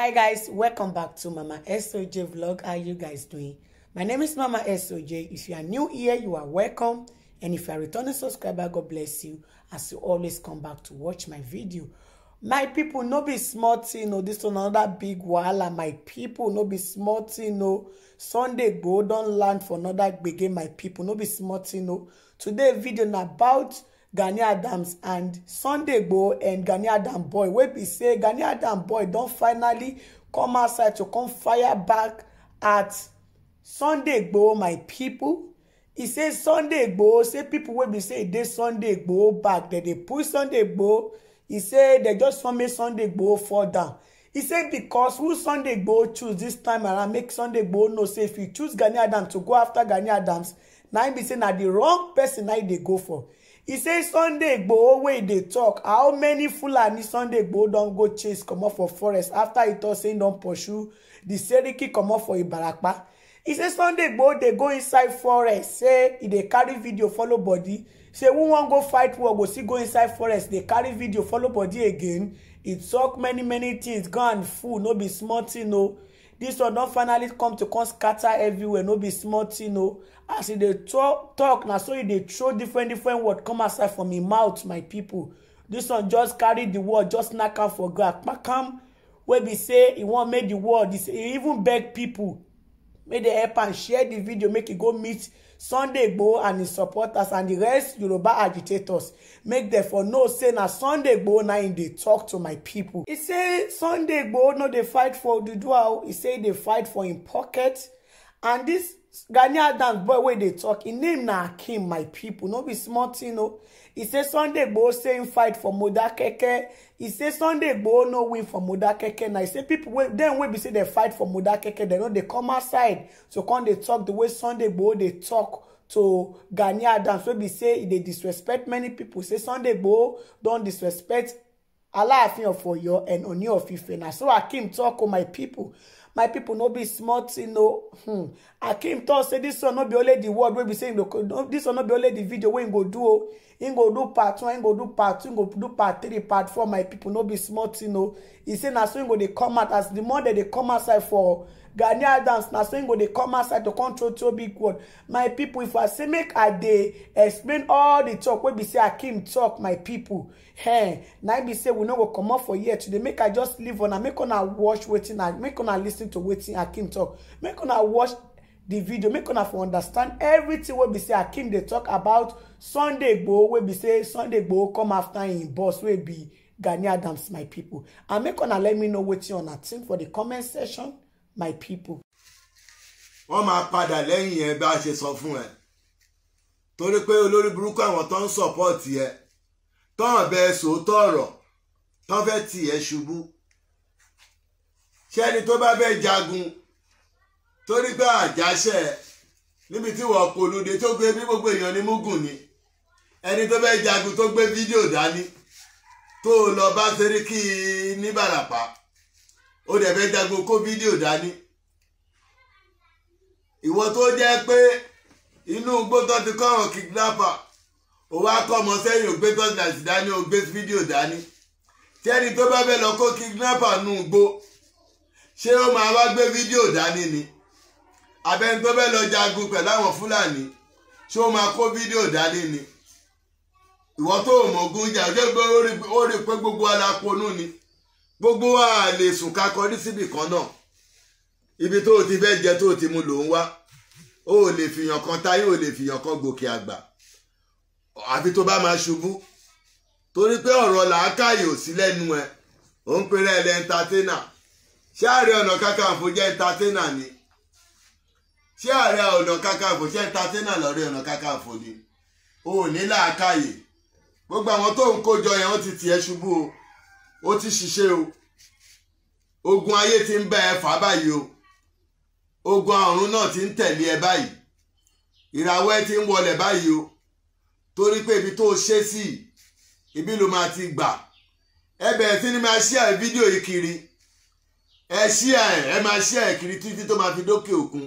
hi guys welcome back to mama soj vlog how you guys doing my name is mama soj if you are new here you are welcome and if you are returning subscriber god bless you as you always come back to watch my video my people no be small thing you know, this one another big wahala my people no be small thing you know. sunday go don't land for another gbege my people no be small thing you know. today video na about gani adams and sunday go and gani adam boy wey be say gani adam boy don finally come outside to come fire back at sunday go my people. e say sunday gboo say people wey be say e dey sunday gboo back dem dey push sunday gboo e say dem just wan make sunday gboo fall down e say becos who sunday gboo choose this time around make sunday gboo know say if e choose gani adams to go after gani adams na im be say na the wrong person na im dey go for He say sunday igboo wey e dey tok how many fulani sunday igboo don go chase comot for forest afta e tok say im don pursue di seriki comot for ibarapa He say sunday igboo dey go inside forest say e dey carry video follow body say who wan go fight war go still go inside forest dey carry video follow body again e talk many many things gun full no be small thing o This one don finally come to come scatter everywhere no be small tin o oh. as e dey talk, na so e dey throw different different word come aside from im e mouth my people. This one just carry the word just knack am for ground kpack am wey be say e wan make the word. world e e even beg people make dem help and share the video make it go meet sunday Bo and his supporters and the rest yoruba agitators make them for no say na sunday Bo now in dey talk to my people. He say sunday Bo no they fight for the oduduwa He say they fight for in pocket and this ghanaian dance boy wey they talk, im name now came my people. no be smart tin o He say sunday gboo say fight for modakeke He say sunday gboo no win for modakeke Now he say pipo then we be say they fight for modakeke They know they come outside so come they talk the way sunday gboo they talk to gani adams wey be say they e disrespect many people. say sunday gboo don't disrespect alaafin for oyo and on your ife na so akim talk to oh, my people my people no be smart, you know. hmm akim tok say this one no be only the word wey be say im go this one no be only the video wey im go do o oh him go do part one him go do part two him go do part three part four my people, no be small tin o e say na so him go dey come out as the more dem dey come outside for ghanaian dance na so him go dey come outside to control two big word my people, if i say make i dey explain all the talk wey be say akim talk my people, Hey, eh, na im be say we no go comot for here today make i just leave una make una watch wetin i make una lis ten to wetin akim talk make una watch The video make una for understand everything wey be say akim dey talk about sunday gboo wey be say sunday gboo come after im boss wey be gani adams my people. and make una let me know wetin una think for the comment section my people. wọ́n máa padà lẹ́yìn yẹn bá a ṣe sọ fún ẹ torí pé olórí burúkú àwọn tó ń sọ̀pọ̀tì ẹ tọ́hàn bẹ́ẹ̀ sòótọ́ ọ̀rọ̀ tán fẹ́ tì ẹ́ ṣubú ṣẹ́ni tó bá bẹ́ẹ̀ jagun torí pé àjàṣẹ níbi tí wọ́n kò lóde tó gbé bí gbogbo èèyàn ní mugun ni ẹni tó fẹ́ jagun tó gbé fídíò dání tó lọ bá sẹ́ríkì níbàràpá ó dẹ̀ fẹ́ jagun kó fídíò dání ìwọ tó jẹ́ pé inú gbótọ́ ti kọ́ràn kidnapper ó wá kọ́ ọmọ sẹ́yìn ògbé tọ́jú dání ògbé fídíò dání tẹ́ni tó bá fẹ́ lọ kó kidnapper nù gbó ṣé ó máa wá gbé fídíò dání ni abẹ́ni tó bẹ́ẹ̀ lọ jagun pẹ̀lú àwọn fúlàní ṣé ó máa kó fídíò dání ni ìwọ tó o mọ̀ ogun jà ọjọ́ ìgbẹ́ ó rí pé gbogbo wa ni gbogbo wa lè sùn ká kọrí síbì kan náà ibi tó o ti fẹ́ jẹ tó o ti mu lò ń wá o ò lè fìyàn kan táyé o ò lè fìyàn kan gòkè àgbà àfi tó bá máa ṣubú torí pé ọ̀rọ̀ làákàyè ò sí lẹ́nu ẹ̀ ò ń pèrè ẹ̀ lẹ́ńtátẹ́nà ṣé Ọ̀nà Kakanfò jẹ́ ẹ̀ńtátẹ́nà ni ṣé ààrẹ ọ̀nà kakanfò ṣé ẹ̀ńtátẹ́nà lọ́rẹ́ ọ̀nà kakanfò ni o ò ní làákàyè gbogbo àwọn tó ń kójọ yẹn wọ́n ti tiẹ̀ ṣubú o ó ti ṣiṣẹ́ o ogun ayé ti ń bẹ ẹ fà báyìí o ogun ọ̀run náà ti ń tẹ̀lé ẹ báyìí ìràwọ̀ ẹ ti ń wọlẹ̀ báyìí o torí pé ibi tó ṣe sí ibi ló máa ti gbà ẹ bẹ̀rẹ̀ sí ni máa ṣí ẹ fídíò yìí kiri ẹ ṣí ẹ ẹ máa ṣí ẹ kiri títí tó máa fi dókè òkun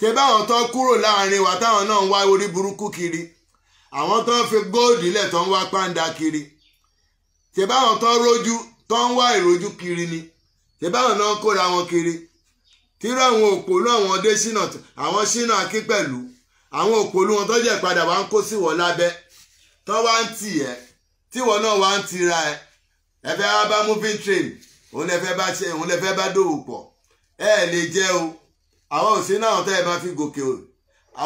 ṣe báwọn tán kúrò láàrin wa táwọn náà ń wá orí burúkú kiri àwọn tán fi góòdì lẹ̀ tán wá pàǹdà kiri ṣe báwọn tán rójú tán wá ìrójú kiri ni ṣe báwọn náà kóra wọn kiri tíró àwọn òpòlú àwọn dé sínà àwọn sínà akí pẹ̀lú àwọn òpòlú wọn tọ́jú ẹ̀ padà wá ń kó sí wọ́n lábẹ́ tán wá ń tì ẹ́ tíwọ́ náà wá ń tira ẹ̀ ẹ fẹ́ bá moving train òun lè fẹ́ bá ṣe òun lè fẹ́ bá dòwò pọ̀ ẹ lè jẹ́ o àwọn ò sí náà tẹ́ ẹ máa fi gòkè o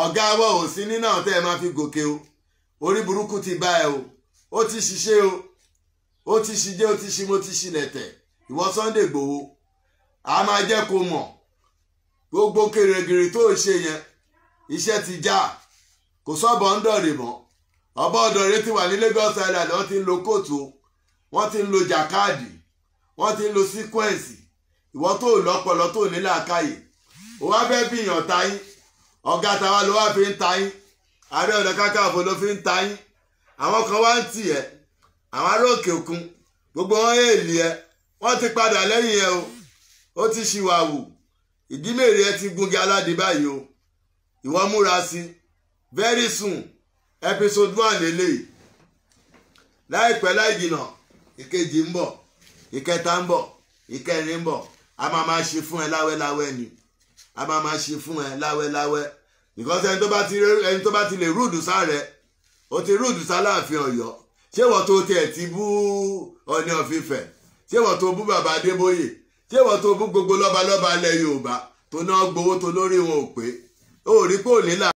ọ̀gá wọn ò sí ní náà tẹ́ ẹ máa fi gòkè o orí burúkú ti bá ẹ o ó ti ṣiṣẹ́ o ó ti ṣijẹ́ ó ti ṣi mo ti ṣilẹ̀ tẹ̀ ìwọ Sunday Igboho a máa jẹ́ kó mọ̀ gbogbo kèrègèrè tó ṣe yẹn iṣẹ́ ti já kò sọ́bọ̀ ń dọ̀rẹ̀ mọ́ ọba ọ̀dọ̀rẹ̀ ti wà ní Lagos Island wọ́n ti ń lo kóòtù wọ́n ti ń lo jàkáàdì wọ́n ti ń lo síkwẹ́ǹsì ìwọ tó lọ́pọlọ tó ní làákàyè ó wá fẹ́ bìyàn ta yín ọ̀gá tàwa ló wá fi ń ta yín ààrẹ ọ̀nà kakanfò ló fi ń ta yín àwọn kan wá ń tì ẹ́ àwọn ará òkè òkun gbogbo wọn èèlì ẹ wọ́n ti padà lẹ́yìn ẹ o ó ti ṣìwàwù ìdímèrè ẹ ti gungi aládé báyìí o ìwọ múra sí very soon episode one lélẹ́yìí láìpẹ́ láì jìnà ìkejì ń bọ̀ ìkẹta ń bọ̀ ìkẹrin ń bọ̀ a máa máa ṣe fún ẹ láwẹ́láwẹ́ ni a máa máa ṣe fún ẹ láwẹ́láwẹ́ because ẹni tó bá ti ẹni tó bá ti lè rúdù sá rẹ o ti rúdù sá láàfin Ọ̀yọ́ ṣé wọ́n tó tiẹ̀ ti bú Ọọ̀ni of Ifẹ̀ ṣé wọ́n tó bú bàbá Adébóyè ṣé wọ́n tó bú gbogbo lọ́balọ́ba ilẹ̀ Yorùbá tó náà gbowó tó lórí wọn ò pé ó rí pé ò ní là.